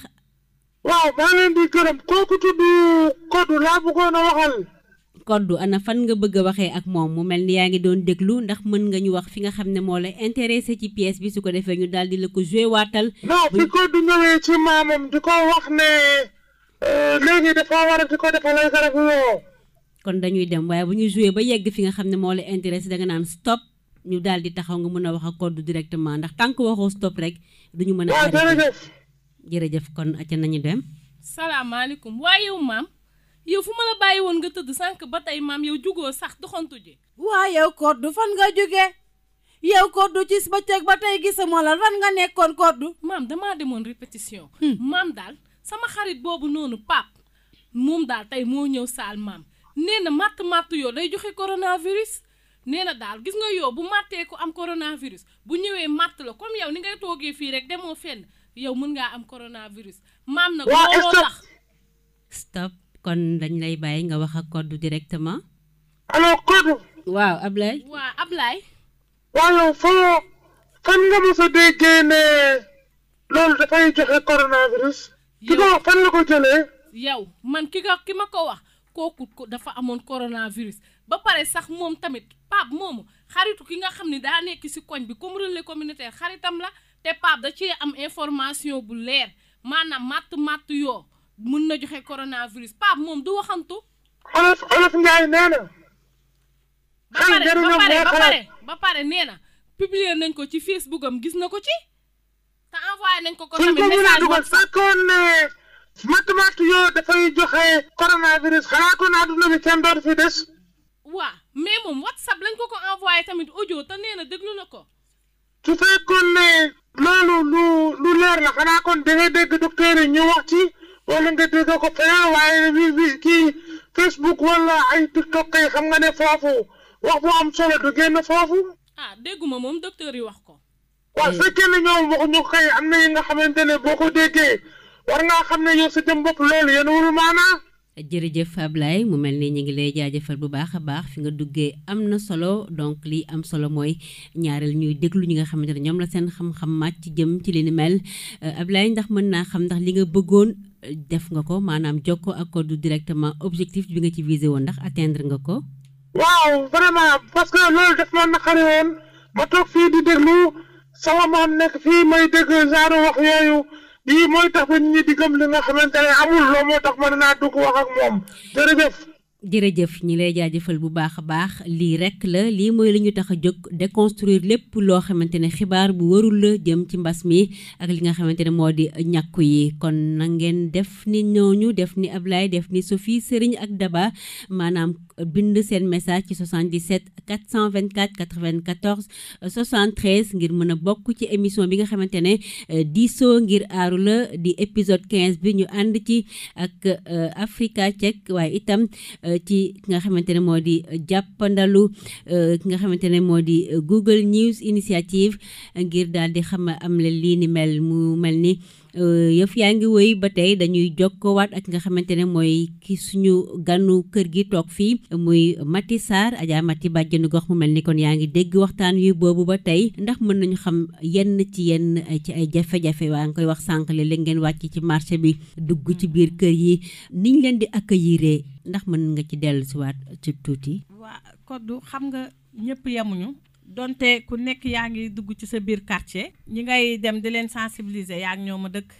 waaw maa leen di gërëm kooku tudd Kodou laa bëggoon a waxal. Kodou ana fan nga bëgg a waxee ak moom mu mel ni yaa ngi doon déglu ndax mën nga ñu wax fi nga xam ne moo la intéressé ci pièce bi su ko defee ñu daal di la ko joué waatal. non fi Kodou ñëwee ci maamam di ko wax ne euh, léegi dafa war a di ko kon dañuy dem waaye bu ñuy joué ba yegg fi nga xam ne moo la intéressé danga naan stop ñu daal di taxaw nga mën a wax ak code directement ndax tànk waxoo stop rek duñu mën a waaw jërëjëf jërëjëf kon acca nañu dem salaamaaleykum waaye yow maam yow fu ma la bàyyi woon nga tëdd sànq ba tey maam yow jugoo sax doxantu waaye waa yow code du fan nga jógee yow koddu ci bëccëg ba tey gisuma la lan nga nekkoon koddu maam damaa demoon répétition hmm. maam daal sama xarit boobu noonu pap moom daal tey moo ñëw saal maam nee na matt matt yoo day joxe coronavirus nee na daal gis nga yow bu mattee ku am coronavirus bu ñëwee matt la comme yow ni ngay toogee fii rek demoo fen yow mën ngaa am coronavirus. maam nag looloo kon dañ lay bàyyi nga wax ak code directement. allo code. waaw Ablaye. waaw yow déggee ne loolu dafay joxe coronavirus. ki ko fan la ko jëlee. yow man ki ki ma ko wax. kooku dafa amoon coronavirus ba pare sax moom tamit Pape moomu xaritu ki nga xam ni daa nekk ci koñ bi comme relais communautaire xaritam la te Pape da cee am information bu leer maanaam matt matt yoo mën na joxe coronavirus Pape moom du waxantu. olof olof Ndiaye nee na. ba pare ba pare ba pare ba pare nee na publier nañ ko ci Facebook am gis na ko ci. te envoyé nañ ko ko tamit message. matumaatu yoo dafay joxe coronavirus xalaatoon àdduna bi kenn dootu fi des. waaw mais moom whatsapp lañ ko ko envoyé tamit audio te nee na na ko. su fekkoon ne loolu lu leer la xanaa kon da ngay dégg docteur yi ñu wax ci wala nga dégg ko feneen waaye bi bi kii Facebook wala xam nga ne foofu wax bu am solo du génn foofu. ah ma moom docteur yi wax ko. waaw su fekkee ñoom waxuñu ko kay am na yi nga xamante ne boo ko déggee. war ngaa xam ne yow sa jëm bopp loolu yéen wul maanaa jërëjëf Ablaye mu mel ni ñu ngi lay jaajëfal bu baax a baax fi nga duggee am na solo donc li am solo mooy ñaareel ñuy déglu ñi nga xamante ne ñoom la seen xam-xam màcc jëm ci li ni mel euh, Ablaye ndax mën naa xam ndax li nga bëggoon euh, def nga ko maanaam ko ak ko du directement objectif bi nga ci visé woon ndax atteindre nga ko. waaw vraiment parce que loolu daf ma naqari woon ma toog fii di déglu sama lii mooy tax nit ñi di gëm li nga xamante amul loo moo tax mën naa dugg wax ak moom jërëjëf. jërëjëf ñi lay jaajëfal bu baax a baax lii rek la lii mooy li ñu tax a jóg déconstruire lépp loo xamante ne xibaar bu warul la jëm ci mbas mi ak li nga xamante ne moo di ñàkku yi kon na ngeen def ni ñooñu def ni ab Ablaye def ni Sophie Serigne ak Daba maanaam bind seen message ci 77 424 94 73 ngir mën a bokk ci émission bi nga xamante ne euh, diisoo ngir aaru di épisode 15 bi ñu ànd ci ak euh, Africa Check waaye itam. ci ki nga xamante ne moo di jàppandalu e, ki nga xamante ne moo di Google News Initiative ngir daal di xam amle lii ni mel mu mel ni Euh, yëf yaa ngi wéy ba tey dañuy jokkoowaat ak nga xamante ne mooy kii suñu ganu kër gi toog fii muy Maty Sarr Adja Maty bàjjenu gox mu mel ni kon yaa ngi dégg waxtaan wi boobu ba tey ndax mën nañu xam yenn ci yenn ci ay jafe-jafe waa ngi koy wax sànq léeg-léeg ngeen wàcc ci marché bi dugg ci biir kër yi niñ leen di accueillir ndax mën nga ci dellu siwaat ci tuuti. waa xam nga ñëpp yemuñu donte ku nekk yaa ngi dugg ci sa biir quartier ñi ngay dem di leen sensibiliser yaa ngi ñoo ma dëkk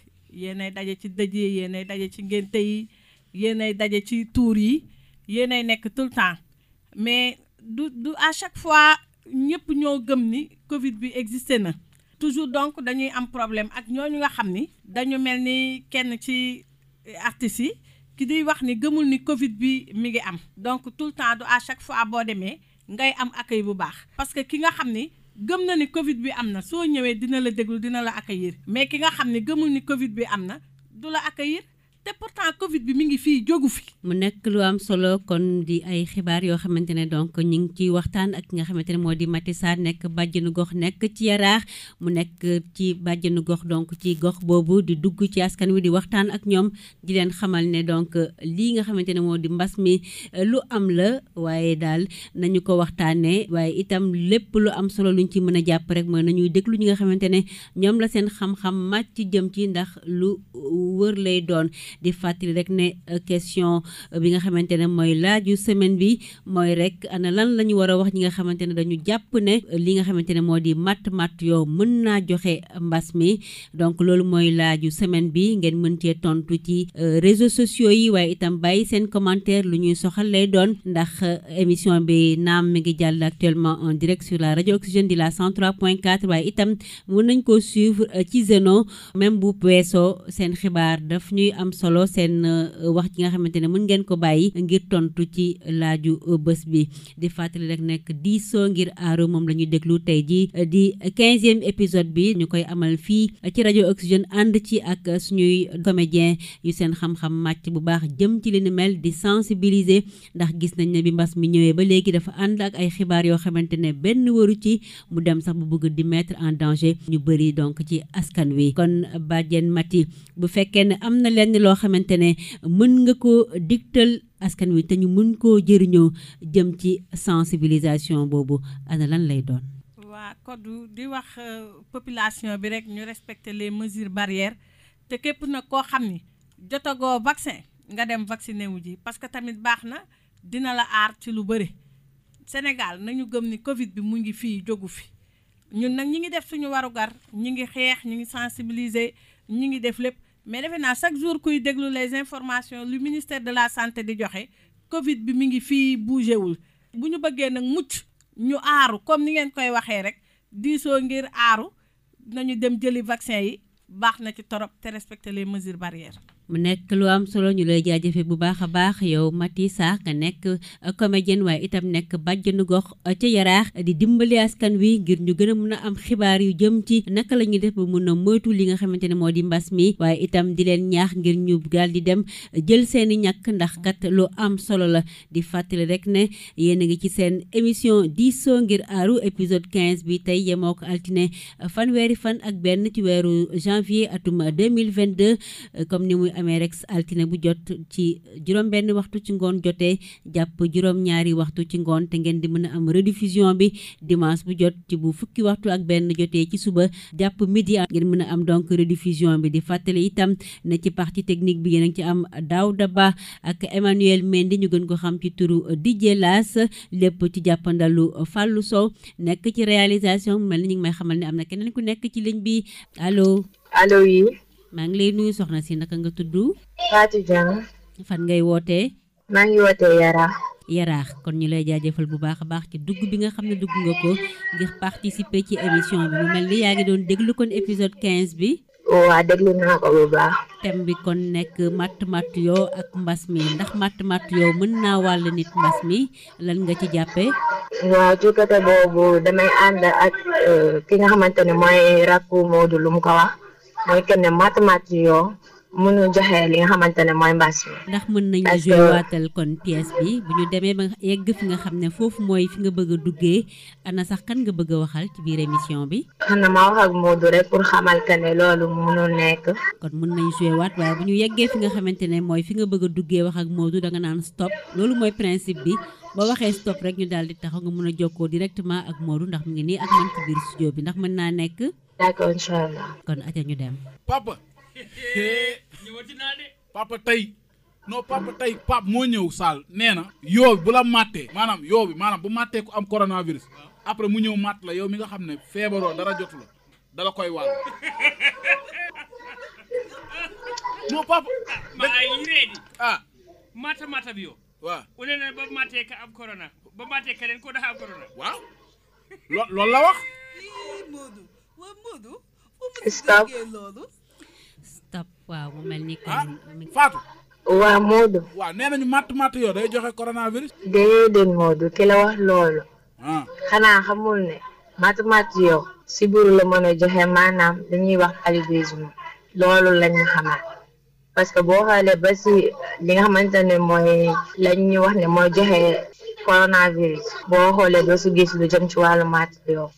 yéenay daje ci dëj yi yéenay daje ci ngénte yi yéenay daje ci tuur yi yéenay nekk tout le temps mais du du à chaque fois ñëpp ñoo gëm ni Covid bi existé na. toujours donc dañuy am problème ak ñooñu nga xam ni dañu mel ni kenn ci artistes yi ki di wax ni gëmul ni Covid bi mi ngi am donc tout le temps du à chaque fois boo demee. ngay am accueil bu baax parce que ki nga xam ni gëm na ni Covid bi am na soo ñëwee dina la déglu dina la accueillir mais ki nga xam ni gëmul ni Covid bi am na du la accueillir te Covid bi mi ngi fii jógu fi. mu nekk lu am solo kon di ay xibaar yoo xamante ne donc ñu ngi ciy waxtaan ak ki nga xamante ne moo di Maty Sarr nekk bàjjenu gox nekk ci yaraax mu nekk ci bàjjenu gox donc ci gox boobu di dugg ci askan wi di waxtaan ak ñoom di leen xamal ne donc lii nga xamante ne moo di mbas mi eh, lu am la waaye daal nañu ko waxtaanee waaye itam lépp lu am solo luñ ci mën a jàpp rek mooy nañuy déglu ñi nga xamante ne ñoom la seen xam-xam màcc jëm ci ndax lu wër lay doon. di fàttali rek ne euh, question euh, bi nga xamante ne mooy laaju semaine bi mooy rek ana lan la ñu war a wax ñi nga xamante ne dañu jàpp ne euh, li nga xamante ne moo di matt matt yow mën naa joxe mbas mi donc loolu mooy laaju semaine bi ngeen mën cee tontu ci réseaux sociaux yi waaye itam bàyyi seen commentaire lu ñuy soxal doon ndax émission bi naam mi ngi jàll actuellement en direct la radio Oxygène di la 103.4 waaye itam mën nañ ko suivre ci Zeno même bu weeso seen xibaar daf ñuy am solo seen euh, wax ci nga xamante ne mën ngeen ko bàyyi ngir tontu ci laaju euh, bés bi di fàttali rek nekk diisoo ngir aaru moom la ñuy déglu tey ji euh, di quinzième épisode bi ñu koy amal fii ci rajo Oxygène ànd ci ak suñuy comédien yu seen xam-xam màcc bu baax jëm ci li ni mel di sensibiliser ndax gis nañ ne bi mbas mi ñëwee ba léegi dafa ànd ak ay xibaar yoo xamante ne benn waru ci mu dem sax bu bëgg di metre en danger ñu bëri donc ci askan wi kon Badiane loo xamante ne mën nga ko digtal askan wi te ñu mën koo jëriñoo jëm ci sensibilisation boobu ana lan lay doon. waa Kodou di wax euh, population bi rek ñu respecter les mesures barrières te képp nag koo xam ni jotagoo vaccin nga dem vacciné wu ji parce que tamit baax na dina la aar ci lu bëri. Sénégal nañu gëm ni Covid bi mu ngi fii jógu fi ñun nag ñi ngi def suñu warugar ñi ngi xeex ñi ngi sensibiliser ñi ngi def lépp mais defe naa chaque jour kuy déglu les informations lu ministère de la santé di joxe Covid bi mu ngi fii bougé wul bu ñu bëggee nag mucc ñu aaru comme ni ngeen koy waxee rek diisoo ngir aaru nañu dem jëli vaccin yi baax na ci torop te respecter les mesures barrières. mu nekk lu am solo ñu lay jaajëfe bu baax a baax yow Maty Sarr nga nekk uh, comédienne waaye itam nekk bàjjenu gox uh, ca yaraax di dimbali askan wi ngir ñu gën a mun a am xibaar yu jëm ci naka lañuy def ba mun a moytu li nga xamante ne moo di mbas mi waaye itam di leen ñaax ngir ñu gaal di dem uh, jël seeni ñàkk ndax kat lu am solo la di fàttali rek ne yéen a ngi ci seen émission diisoo ngir aaru épisode 15 bi tey yemoo ko altine fanweeri fan ak benn ci weeru janvier atum 2022 comme ni muy amee rek altine bu jot ci juróom benn waxtu ci ngoon jotee jàpp juróom ñaari waxtu ci ngoon te ngeen di mën a am rediffusion bi dimanche bu jot ci bu fukki waxtu ak benn jotee ci suba jàpp midi ngeen mën a am donc rediffusion bi di fàttali itam ne ci partie technique bi yéen a ci am Daouda Ba ak Emmanuel Mendy ñu gën ko xam ci turu DJ Las lépp ci jàppandalu Fallou soow nekk ci réalisation mel ni ñu may xamal ne am na keneen ku nekk ci ligne bi maa ngi lay nuyu soxna si naka nga tudd. Fatou Dieng. fan ngay wootee. maa ngi wootee Yaraax. Yaraax kon ñu lay jaajëfal bu baax a baax ci dugg bi nga xam ne dugg nga ko ngir participer ci émission bi mu mel ni yaa ngi doon déglu kon épisode 15 bi. waaw déglu naa ko bu baax. thème bi kon nekk matt matt yoo ak mbas mi ndax matt matt yoo mën naa wàll nit mbas mi lan nga ci jàppee. waaw ci côté boobu damay ànd ak euh, ki nga xamante ne mooy rakku Modou lu mu ko wax. mooy que ne mathématique yoo mënul joxe li nga xamante ne mooy mbas mi. ndax mën nañu joué waatal kon pièce bi bu ñu demee ba yegg fi nga xam ne foofu mooy fi nga bëgg a duggee ana sax kan nga bëgg a waxal ci biir émission bi. xanaa ma ak Modou rek pour xamal ne loolu mënul nekk. kon mën nañu joué waat waaye bu ñu yeggee fi nga xamante ne mooy fi nga bëgg a duggee wax ak Modou danga naan stop loolu mooy principe bi. boo waxee stop rek ñu daal di taxaw nga mun a jokkoo directement ak Modou ndax mu ngi nii ak man ci biir studio bi ndax mën naa nekk. d'accord incha allah. kon aja ñu papa. ñëwati de. papa tey. non papa tey pap moo ñëw saal nee na. yoo bi bu la màttee. maanaam yoo bi maanaam bu màttee ku am coronavirus. après mu ñëw màtt la yow mi nga xam ne feebaroo dara jotu la dala koy wàll. non papa. ma ay reedi. ah. mata mata bi yo. waaw u ne ne ba màttee ka am corona. ba màttee ka leen ko dafa am corona. waaw. lo loolu la wax. waa Modou. stop stop waaw mu mel ah, waa Modou. waaw nee nañu matt yoo day joxe coronavirus. déedéet Modou ki la wax loolu. Ah. xanaa xamul ne. matt matt yoo. si biir la mën a joxe maanaam dañuy wax paludisme loolu lañ ñu parce que boo xoolee ba si li nga xamante ne mooy lañ ñu wax ne mooy joxe coronavirus boo xoolee doo si gis lu jëm ci wàllu matt yoo.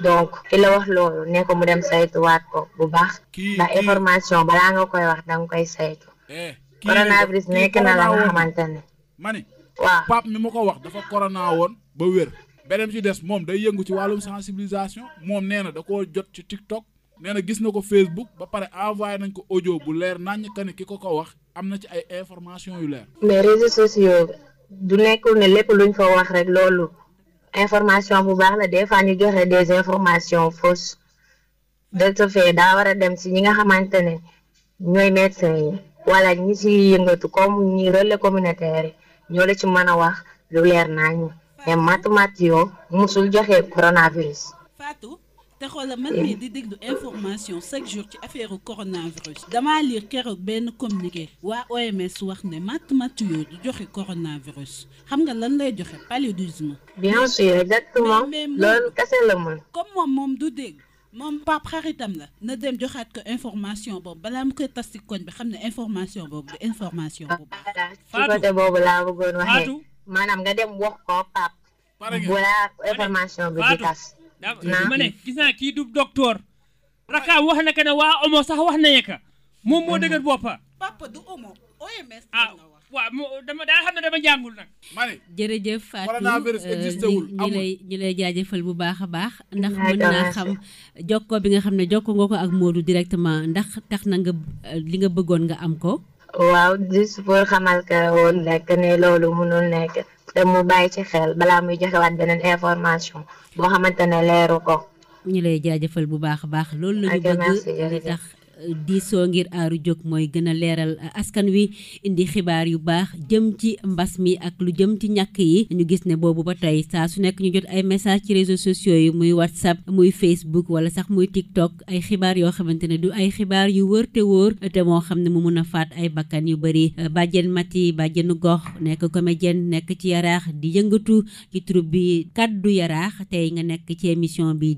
donc ki la wax loolu ne ko mu dem saytuwaat ko bu baax kii information balaa nga koy wax danga koy saytu eh, coronavirus nekk na la nga xamante ne mani waaw pap mi ma ko wax dafa corona woon ba wér beneen si des moom day yëngu ci wàllum sensibilisation moom nee na da ko jot ci TikTok nee na gis na ko Facebook ba pare envoyé nañ ko audio bu leer naññ que ne ki ko ko wax am na ci ay information yu leer mais réseaux sociaux du nekkul ne lépp luñ fa wax rek loolu information bu baax la des fois ñu joxe des informations fausses de ce fait daa war a dem si ñi nga xamante ne ñooy médecin yi wala ñi si yëngatu comme ñi relais communautaire yi ñoo la ci mën a wax lu leer naa ñu mais Matou Mate yoo joxe coronavirus. te xoolal man mi di déglu information chaque jour ci affaire coronavirus damaa liir keroog benn communiqué waa OMS wax ne matt matt yooyu du joxe coronavirus xam nga lan lay joxe paludisme. bien sûr exactement loolu la mën. comme moom moom du dégg. moom pap xaritam la na dem joxaat ko information boobu bala mu koy tas ci koñ bi xam ne information boobu information boobu. Fatou côté boobu maanaam nga dem wax ko pap. balaa information bi di tas. ma ne gis naa kii du docteur rakaam wax na que ne waa omo sax wax na ka moom moo dëgër boppa du omo OMS ah, waaw dama daa xam ne dama jàngul nag. ma ne jërëjëf Fatou euh, ñu lay ñu lay jaajëfal bu baax a baax ndax mën naa xam jokkoo bi nga xam ne jokkoo nga ko ak Modou directement ndax tax na nga euh, li nga bëggoon nga am ko. waaw juste pour xamal ka woon nekk ne loolu mënul nekk. te mu bàyyi ci xel balaa muy joxewaat beneen information boo xamante ne leeru ko. ñu lay jaajëfal bu baax a baax. loolu la ñu bëgg tax diisoo ngir aaru jóg mooy gën a leeral askan wi indi xibaar yu baax jëm ci mbas mi ak lu jëm ci ñàkk yi ñu gis ne boobu ba tey saa su nekk ñu jot ay message ci réseaux sociaux yi muy whatsapp muy facebook wala sax muy tiktok ay xibaar yoo xamante ne du ay xibaar yu wër te wóor te moo xam ne mu mun a faat ay bakkan yu bëri bàjjen mati bàjjenu gox nekk comédienne nekk ci yaraax di yëngatu ci troupe bi kaddu yaraax tey nga nekk ci émission bi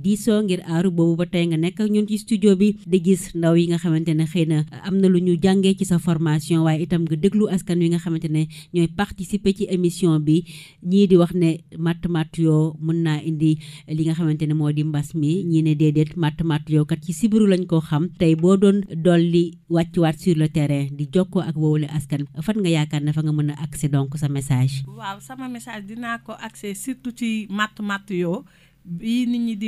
nekk ci studio di gis ndaw yi nga xamante ne xëy na am na lu ñu jàngee ci sa formation waaye itam nga déglu askan wi nga xamante ne ñooy participer ci émission bi ñii di wax ne matt matt yoo mën naa indi li nga xamante ne moo di mbas mi ñii ne déedéet matt matt yoo kat ci sibiru lañ koo xam tey boo doon dolli wàccuwaat sur le terrain di jokkoo ak woowule askan fan nga yaakaar ne fa nga mën a accès donc sa message. waaw sama message dinaa ko accès surtout ci matt matt yoo bii nit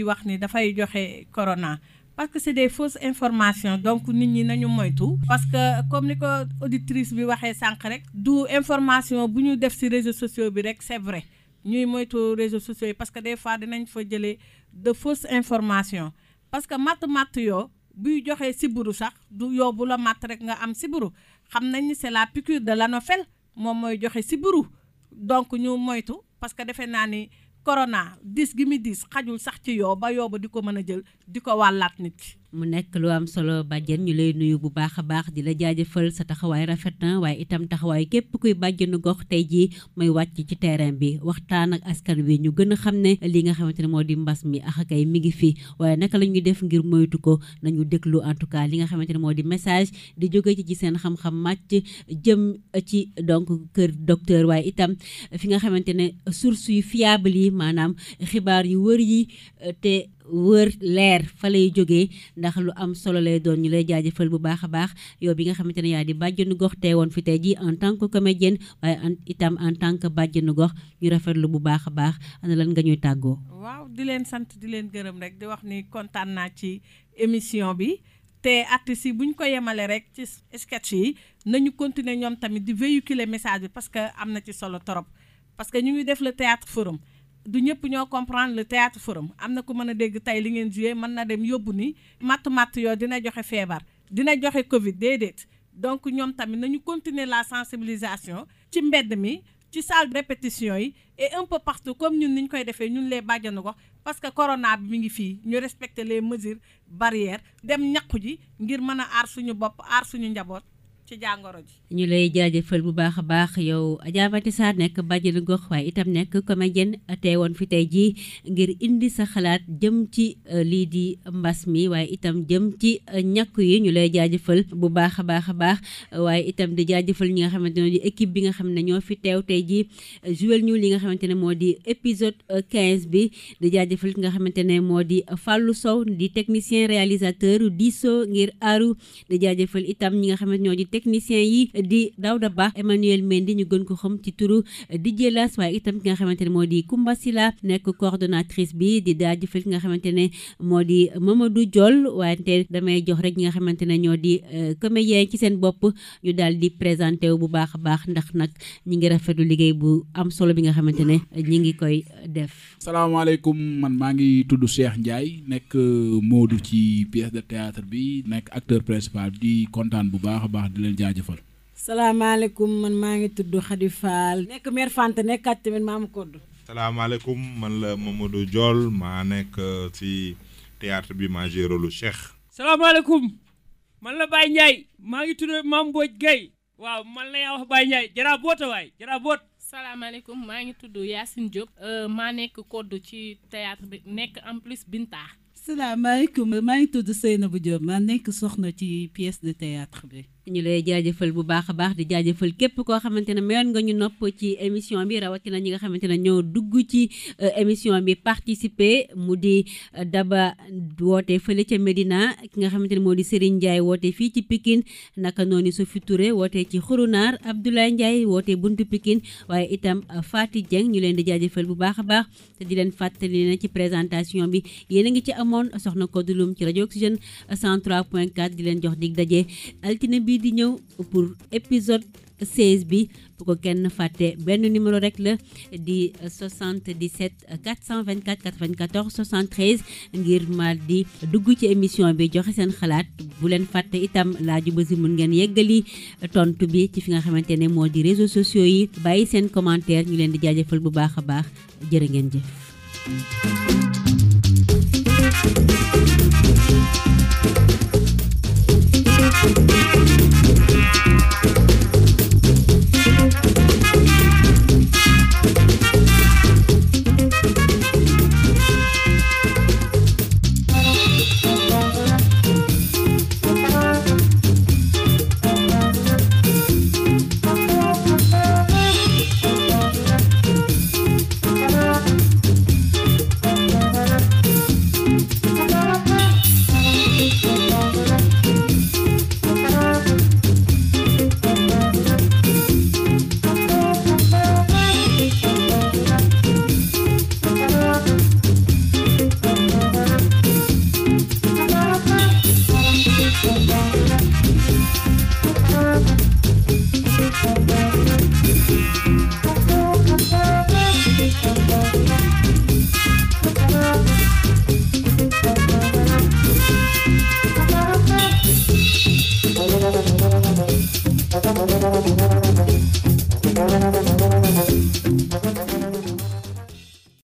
parce que c'est des fausses informations donc nit ñi nañu moytu. parce que comme ni ko auditrice bi waxee sànq rek. du information bu ñu def ci réseaux sociaux bi rek c'est vrai ñuy moytu réseaux sociaux yi parce que des fois dinañ fa jëlee de fausses information parce que matt-matt yoo buy joxe sibbiru sax du yoo bu la matt rek nga am sibbiru xam nañ ni c'est la piqûre de l'anophèle moom mooy joxe sibbiru donc ñu moytu parce defe naa ni. corona dis gi muy diis xajul sax ci yoo ba yoo ba di ko mën a jël di ko wàllaat nit ki mu nekk lu am solo bàjjen ñu lay nuyu bu baax a baax di la jaajëfal sa taxawaay rafet na waaye itam taxawaay képp kuy bàjjenu gox tey jii mooy wàcc ci terrain bi waxtaan ak askan wi ñu gën a xam ne li nga xamante ne moo di mbas mi ax akay mi ngi fi waaye naka la ñuy def ngir moytu ko nañu déglu en tout cas li nga xamante ne moo di message di jóge ci ci seen xam-xam màcc jëm ci donc kër docteur waaye itam fi nga xamante ne source yu fiable yi maanaam xibaar yu wër yi te wër leer fa lay jógee ndax lu am solo lay doon ñu lay jaajëfal bu baax a baax yow bi nga xamante ne yaa di bàjjenu gox teewoon fi tey ji en tant que comédienne waaye en itam en tant que bàjjenu gox ñu rafetlu bu baax a baax ana lan nga ñuy tàggoo. waaw di leen sant di leen gërëm rek di wax ni kontaan naa ci émission bi. te artistes yi bu ñu ko yemale rek ci sketch yi nañu continuer ñoom tamit di véhiculer message bi parce que am na ci solo torop parce que ñu ngi def le théâtre forum du ñëpp ñoo comprendre le théâtre forum am na ko mën a dégg tey li ngeen joué mën na dem yóbbu ni matt matt yoo dina joxe feebar dina joxe Covid déet donc ñoom tamit nañu continuer la sensibilisation ci mbedd mi ci sal de répétition yi et un peu partout comme ñun ni ñu koy defee ñun lee bàjjanu gox parce que corona bi mu ngi fii ñu respecter les mesures barrières dem ñaqu ji ngir mën a aar suñu bopp aar suñu njaboot ci jàngoro ji. ñu lay jaajëfal bu baax a baax yow Adja Maty Sarr nekk bàjjenu gox waaye itam nekk comédienne teewoon fi tey jii ngir indi sa xalaat jëm ci euh, lii di mbas mi waaye itam jëm ci euh, ñàkk yi ñu lay jaajëfal bu baax a baax a baax waaye itam di jaajëfal ñi nga xamante ne di équipe bi nga xam ne ñoo fi teew tey jii euh, jouel ñu li nga xamante ne moo di épisode bi di jaajëfal ki nga xamante ne moo di Fallou Sow di technicien réalisateur diisoo ngir aaru di jaajëfal itam ñi nga xamante ñoo di technicien yi di Daouda Ba Emmanuel Mendy ñu gën ko xam ci turu di Las waaye itam ki nga xamante ne moo di kumba Sila nekk coordonnatrice bi di jaajëfal ki nga xamante ne moo di Mamadou Diol wante damay jox rek ñi nga xamante ne ñoo di euh, comédien ci seen bopp ñu daal di présenté wu bu baax a baax ndax nag ñi ngi rafetlu liggéey bu am solo bi nga xamante ne ñi ngi koy def. salaamaaleykum man maa ngi tudd Cheikh Ndiaye nekk euh, Modou ci pièce de bi nekk acteur principal kontaan bu baax a baax leen jaajëfal. salaamaaleykum man maa ngi tudd Khady Fall. nekk mère Fanta nekkaat tamit maamu Koddu. salaamaaleykum man la Mamadou Diol maa nekk euh, ci théâtre bi maa lu Cheikh. salaamaaleykum man la Baye Ndiaye maa ngi tudd Mame Mbodj Gueye waaw man la yaa wax Baye Ndiaye jaraa boota waay jaraa boot. salaamaaleykum maa ngi tudd Yacine Diop. Euh, maa nekk kodd ci théâtre bi nekk en plus Binta. salaamaaleykum maa ngi tudd sëy na Seynabou Diop maa nekk soxna ci pièce de théâtre bi. ñu lay jaajëfal bu baax a baax di jaajëfal képp koo xamante ne mayoon nga ñu noppo ci émission bi rawatina ñi nga xamante ne ñoo dugg ci euh, émission bi participer mu di euh, Daba woote fële ca Medina ki nga xamante ne moo di Serigne Ndiaye woote fii ci Pikine naka noonu Sophie Touré woote ci Xurunaar Abdoulaye Ndiaye woote buntu Pikine waaye itam euh, faati Dieng ñu leen di jaajëfal bu baax a baax te di leen fàttali ne ci présentation bi yéen a ngi ci amoon soxna Kodulum ci rajo Oxygène 103.4 di leen jox dig daje bii di ñëw pour épisode 16 bi bu ko kenn fàtte benn numéro rek la di 77 424 94 73 ngir ma di dugg ci émission bi joxe seen xalaat bu leen fàtte itam laaju ba si mun ngeen yeggali tontu bi ci fi nga xamante ne moo di réseaux sociaux yi bàyyi seen commentaire ñu leen di jaajëfal bu baax a baax jërë ngeen jëf